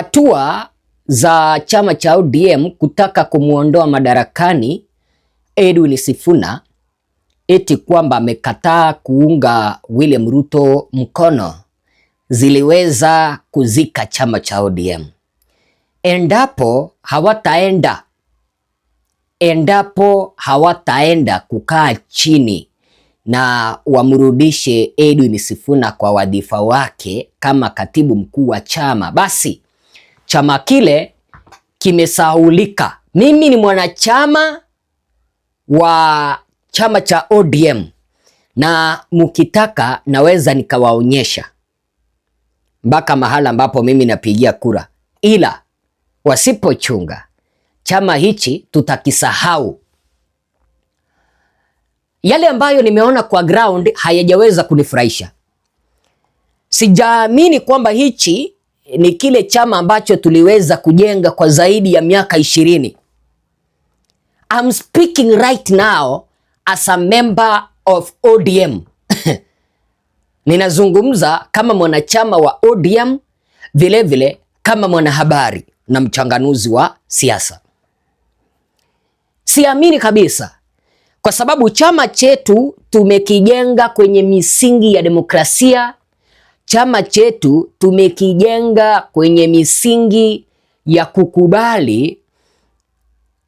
hatua za chama cha ODM kutaka kumwondoa madarakani Edwin Sifuna eti kwamba amekataa kuunga William Ruto mkono ziliweza kuzika chama cha ODM. Endapo hawataenda endapo hawataenda kukaa chini na wamrudishe Edwin Sifuna kwa wadhifa wake kama katibu mkuu wa chama, basi chama kile kimesaulika. Mimi ni mwanachama wa chama cha ODM na mkitaka naweza nikawaonyesha mpaka mahala ambapo mimi napigia kura, ila wasipochunga chama hichi tutakisahau. Yale ambayo nimeona kwa ground hayajaweza kunifurahisha. Sijaamini kwamba hichi ni kile chama ambacho tuliweza kujenga kwa zaidi ya miaka ishirini. I'm speaking right now as a member of ODM ninazungumza kama mwanachama wa ODM vilevile vile, kama mwanahabari na mchanganuzi wa siasa. Siamini kabisa, kwa sababu chama chetu tumekijenga kwenye misingi ya demokrasia Chama chetu tumekijenga kwenye misingi ya kukubali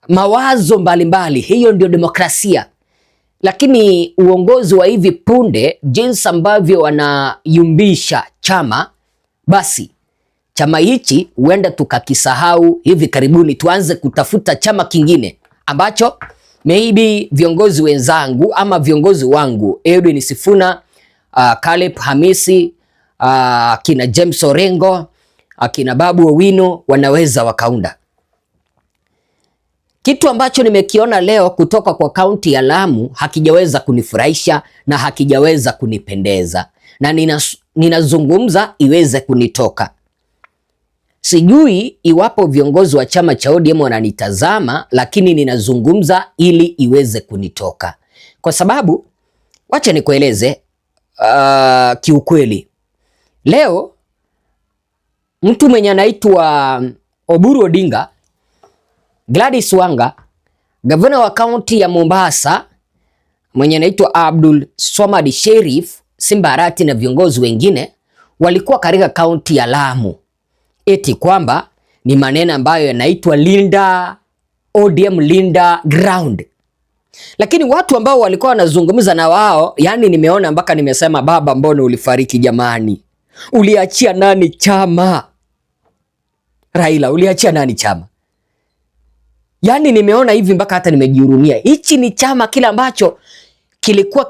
mawazo mbalimbali mbali. Hiyo ndio demokrasia. Lakini uongozi wa hivi punde, jinsi ambavyo wanayumbisha chama, basi chama hichi huenda tukakisahau hivi karibuni, tuanze kutafuta chama kingine ambacho maybe viongozi wenzangu ama viongozi wangu Edwin Sifuna, uh, Caleb Hamisi akina ah, James Orengo, akina ah, Babu Owino wanaweza wakaunda kitu ambacho nimekiona leo kutoka kwa kaunti ya Lamu hakijaweza kunifurahisha na hakijaweza kunipendeza, na ninas, ninazungumza iweze kunitoka. Sijui iwapo viongozi wa chama cha ODM wananitazama, lakini ninazungumza ili iweze kunitoka, kwa sababu wacha nikueleze uh, kiukweli Leo mtu mwenye anaitwa Oburu Odinga, Gladys Wanga, gavana wa kaunti ya Mombasa mwenye anaitwa Abdul Swamad Sherif Simbarati na viongozi wengine walikuwa katika kaunti ya Lamu, eti kwamba ni maneno ambayo yanaitwa Linda ODM Linda ground, lakini watu ambao walikuwa wanazungumza na wao, yani nimeona mpaka nimesema baba, mbona ulifariki jamani? Uliachia nani chama? Raila, uliachia nani chama? Yaani nimeona hivi mpaka hata nimejihurumia. Hichi ni chama kile ambacho kilikuwa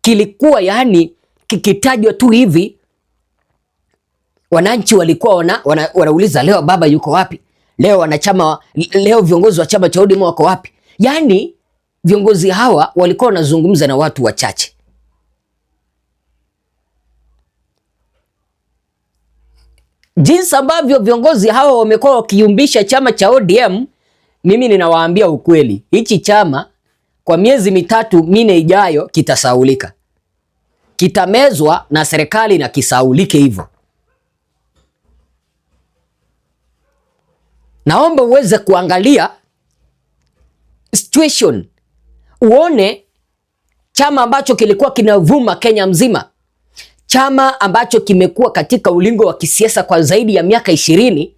kilikuwa yani kikitajwa tu hivi wananchi walikuwa wana, wana, wanauliza leo baba yuko wapi? Leo wanachama, leo viongozi wa chama cha ODM wako wapi? Yaani viongozi hawa walikuwa wanazungumza na watu wachache. Jinsi ambavyo viongozi hawa wamekuwa wakiumbisha chama cha ODM, mimi ninawaambia ukweli, hichi chama kwa miezi mitatu mine ijayo kitasaulika, kitamezwa na serikali na kisaulike hivyo. Naomba uweze kuangalia situation uone chama ambacho kilikuwa kinavuma Kenya mzima chama ambacho kimekuwa katika ulingo wa kisiasa kwa zaidi ya miaka ishirini,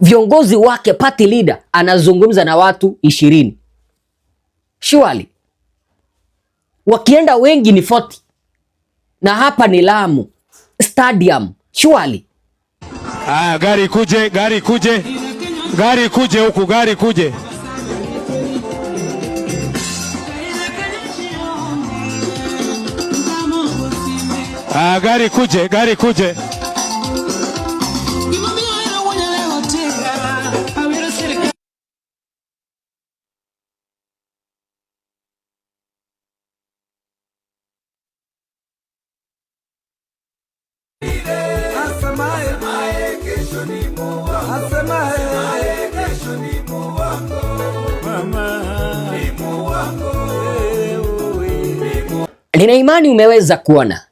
viongozi wake party leader anazungumza na watu ishirini shiwali, wakienda wengi ni 40 na hapa ni Lamu Stadium shiwali. ah, gari kuje, gari kuje, gari kuje huku, gari kuje. Ah, gari kuje, gari kuje. Nina imani umeweza kuona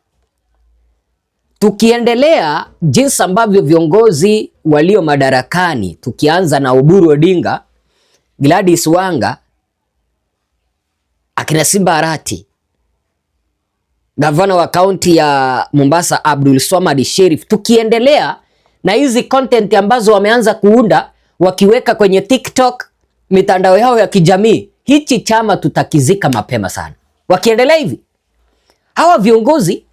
Tukiendelea jinsi ambavyo viongozi walio madarakani, tukianza na Oburu Odinga, Gladys Wanga, akina Simba Arati, gavana wa kaunti ya Mombasa Abdul Swamad Sherif, tukiendelea na hizi content ambazo wameanza kuunda wakiweka kwenye TikTok, mitandao yao ya kijamii, hichi chama tutakizika mapema sana. Wakiendelea hivi hawa viongozi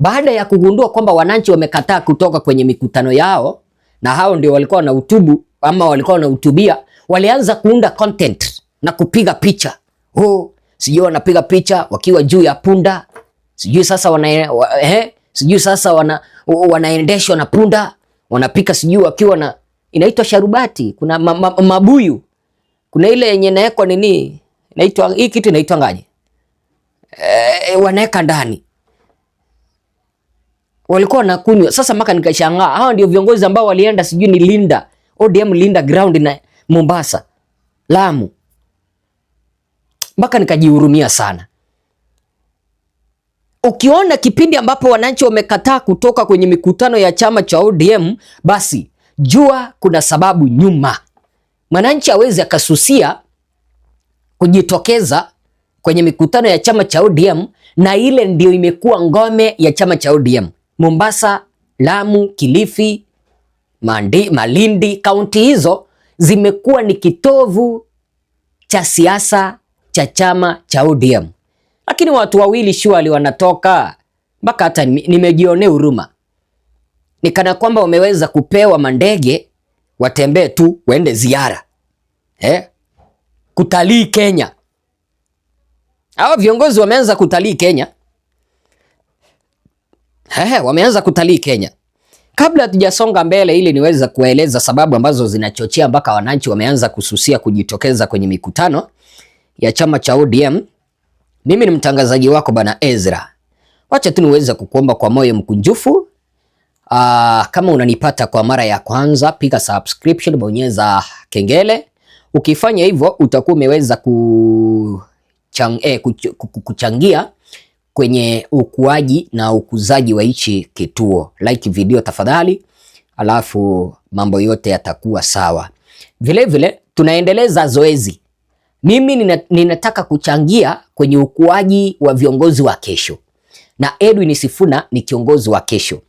baada ya kugundua kwamba wananchi wamekataa kutoka kwenye mikutano yao na hao ndio walikuwa wanahutubu ama walikuwa wanahutubia, walianza kuunda content na kupiga picha. Oh, sijui wanapiga picha wakiwa juu ya punda, sijui sasa wana, wa, eh, sijui sasa wana, wanaendeshwa na punda, wanapika sijui wakiwa na inaitwa sharubati, kuna ma, ma, mabuyu, kuna ile yenye inawekwa nini, inaitwa hii kitu inaitwa ngaje, eh, wanaweka ndani walikuwa wanakunywa. Sasa maka nikashangaa, hawa ndio viongozi ambao walienda sijui ni Linda ODM Linda ground na Mombasa, Lamu, mpaka nikajihurumia sana. Ukiona kipindi ambapo wananchi wamekataa kutoka kwenye mikutano ya chama cha ODM, basi jua kuna sababu nyuma. Mwananchi awezi akasusia kujitokeza kwenye mikutano ya chama cha ODM na ile ndio imekuwa ngome ya chama cha ODM. Mombasa, Lamu, Kilifi, Mandi, Malindi, kaunti hizo zimekuwa ni kitovu cha siasa cha chama cha ODM, lakini watu wawili shuali wanatoka mpaka hata nimejionea huruma, nikana kwamba wameweza kupewa mandege watembee tu waende ziara eh, kutalii Kenya. Hao viongozi wameanza kutalii Kenya. Hehe, wameanza kutalii Kenya. Kabla hatujasonga mbele, ili niweze kueleza sababu ambazo zinachochea mpaka wananchi wameanza kususia kujitokeza kwenye mikutano ya chama cha ODM. Mimi ni mtangazaji wako bana Ezra. Wacha tu niweze kukuomba kwa moyo mkunjufu. Aa, ah, kama unanipata kwa mara ya kwanza, piga subscription, bonyeza kengele. Ukifanya hivyo utakuwa umeweza kuchang, eh, kuch, kuchangia kwenye ukuaji na ukuzaji wa hichi kituo. Like video tafadhali, alafu mambo yote yatakuwa sawa. Vilevile vile, tunaendeleza zoezi. Mimi ninataka kuchangia kwenye ukuaji wa viongozi wa kesho, na Edwin Sifuna ni kiongozi wa kesho.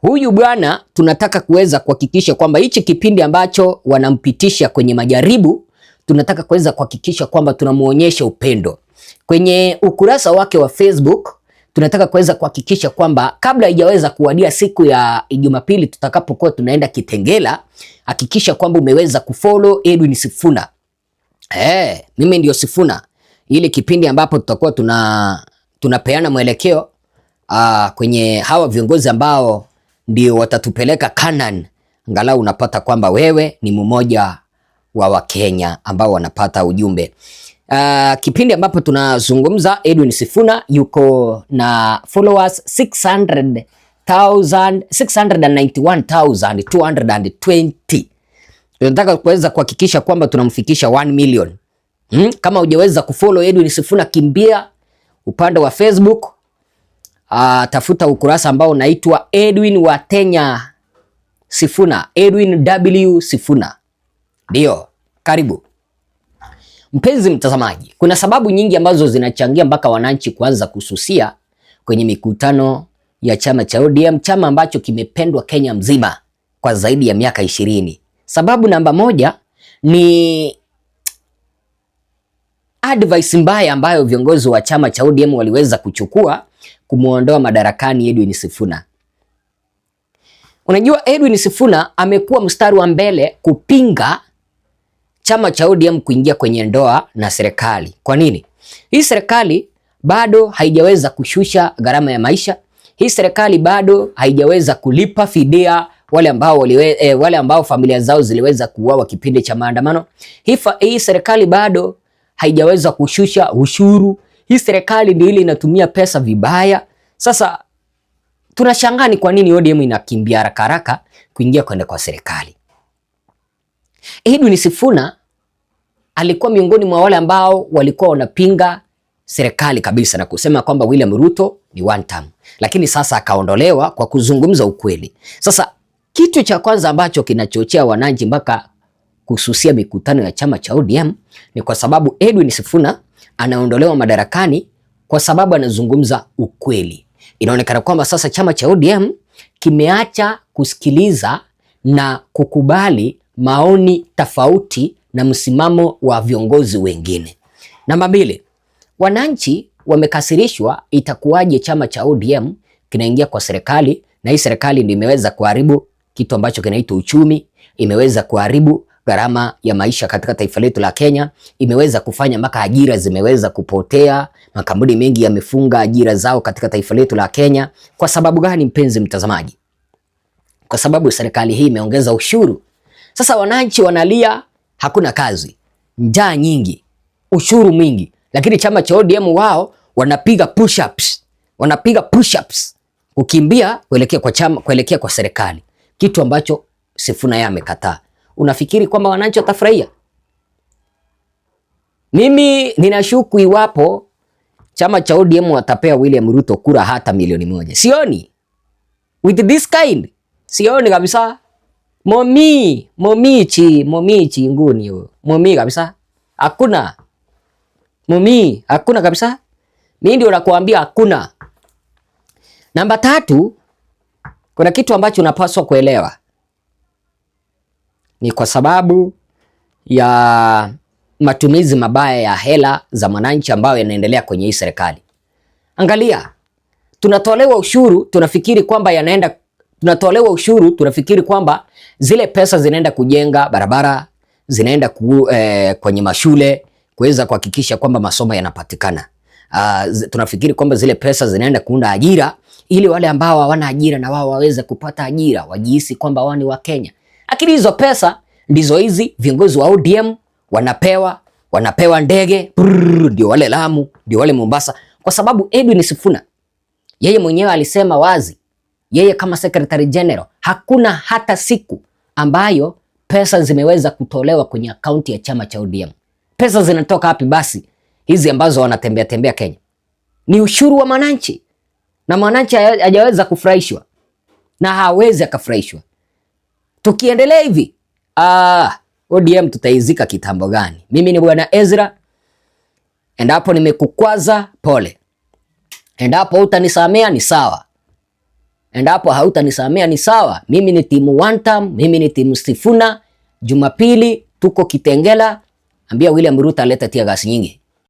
Huyu bwana tunataka kuweza kuhakikisha kwamba hichi kipindi ambacho wanampitisha kwenye majaribu, tunataka kuweza kuhakikisha kwamba tunamuonyesha upendo. Kwenye ukurasa wake wa Facebook tunataka kuweza kuhakikisha kwamba kabla haijaweza kuwadia siku ya Jumapili tutakapokuwa tunaenda Kitengela, hakikisha kwamba umeweza kufollow Edwin Sifuna. Eh, mimi ndio Sifuna, ile kipindi ambapo tutakuwa tuna tunapeana mwelekeo aa, ah, kwenye hawa viongozi ambao ndio watatupeleka Canaan, angalau unapata kwamba wewe ni mmoja wa Wakenya ambao wanapata ujumbe. Uh, kipindi ambapo tunazungumza Edwin Sifuna yuko na followers 600,000 691,220. Tunataka kuweza kuhakikisha kwamba tunamfikisha 1 million. Hmm? Kama hujaweza kufollow Edwin Sifuna kimbia upande wa Facebook, uh, tafuta ukurasa ambao unaitwa Edwin Watenya Sifuna, Edwin W Sifuna. Ndio, karibu. Mpenzi mtazamaji, kuna sababu nyingi ambazo zinachangia mpaka wananchi kuanza kususia kwenye mikutano ya chama cha ODM, chama ambacho kimependwa Kenya mzima kwa zaidi ya miaka ishirini. Sababu namba moja ni advice mbaya ambayo viongozi wa chama cha ODM waliweza kuchukua kumwondoa madarakani Edwin Sifuna. Unajua Edwin Sifuna amekuwa mstari wa mbele kupinga chama cha ODM kuingia kwenye ndoa na serikali. Kwa nini? Hii serikali bado haijaweza kushusha gharama ya maisha. Hii serikali bado haijaweza kulipa fidia wale ambao waliwe, eh, wale ambao familia zao ziliweza kuuawa kipindi cha maandamano. Hii, hii serikali bado haijaweza kushusha ushuru. Hii serikali ndio ile inatumia pesa vibaya. Sasa tunashangaa ni kwa nini ODM inakimbia haraka haraka kuingia kwenda kwa serikali. Edwin Sifuna alikuwa miongoni mwa wale ambao walikuwa wanapinga serikali kabisa na kusema kwamba William Ruto ni one term, lakini sasa akaondolewa kwa kuzungumza ukweli. Sasa kitu cha kwanza ambacho kinachochea wananchi mpaka kususia mikutano ya chama cha ODM ni kwa sababu Edwin Sifuna anaondolewa madarakani kwa sababu anazungumza ukweli. Inaonekana kwamba sasa chama cha ODM kimeacha kusikiliza na kukubali maoni tofauti na msimamo wa viongozi wengine. Namba mbili, wananchi wamekasirishwa, itakuwaje chama cha ODM kinaingia kwa serikali na hii serikali ndio imeweza kuharibu kitu ambacho kinaitwa uchumi, imeweza kuharibu gharama ya maisha katika taifa letu la Kenya, imeweza kufanya mpaka ajira zimeweza kupotea. Makampuni mengi yamefunga ajira zao katika taifa letu la Kenya. Kwa sababu gani, mpenzi mtazamaji? Kwa sababu serikali hii imeongeza ushuru. Sasa wananchi wanalia, hakuna kazi, njaa nyingi, ushuru mwingi, lakini chama cha ODM wao wanapiga push ups, wanapiga push ups kukimbia kuelekea kwa chama, kuelekea kwa serikali, kitu ambacho Sifuna yeye amekataa. Unafikiri kwamba wananchi watafurahia? Mimi ninashuku iwapo chama cha ODM watapea William Ruto kura hata milioni moja. Sioni. With this kind, sioni kabisa. Momi, momi chi, momi chi nguni huyo. Momi kabisa. Hakuna. Momi, hakuna kabisa. Mimi ndio nakuambia hakuna. Namba tatu, kuna kitu ambacho unapaswa kuelewa. Ni kwa sababu ya matumizi mabaya ya hela za mwananchi ambayo yanaendelea kwenye hii serikali. Angalia, tunatolewa ushuru, tunafikiri kwamba yanaenda tunatolewa ushuru, tunafikiri kwamba zile pesa zinaenda kujenga barabara, zinaenda ku, eh, kwenye mashule kuweza kuhakikisha kwamba masomo yanapatikana. Uh, tunafikiri kwamba zile pesa zinaenda kuunda ajira ili wale ambao hawana ajira na wao waweze kupata ajira, wajihisi kwamba wao ni wa Kenya. Lakini hizo pesa ndizo hizi viongozi wa ODM wanapewa, wanapewa ndege ndio wale Lamu, ndio wale Mombasa, kwa sababu Edwin Sifuna yeye mwenyewe alisema wazi yeye kama Secretary General, hakuna hata siku ambayo pesa zimeweza kutolewa kwenye akaunti ya chama cha ODM. Pesa zinatoka wapi basi hizi ambazo wanatembea tembea Kenya? Ni ushuru wa mwananchi, na mwananchi hajaweza kufurahishwa na hawezi akafurahishwa. Tukiendelea hivi ah, ODM tutaizika kitambo gani? Mimi ni Bwana Ezra, endapo nimekukwaza pole, endapo utanisamea ni sawa endapo hautanisamea ni sawa. Mimi ni timu Wantam, mimi ni timu Sifuna. Jumapili tuko Kitengela, ambia William Ruto aleta tia gasi nyingi.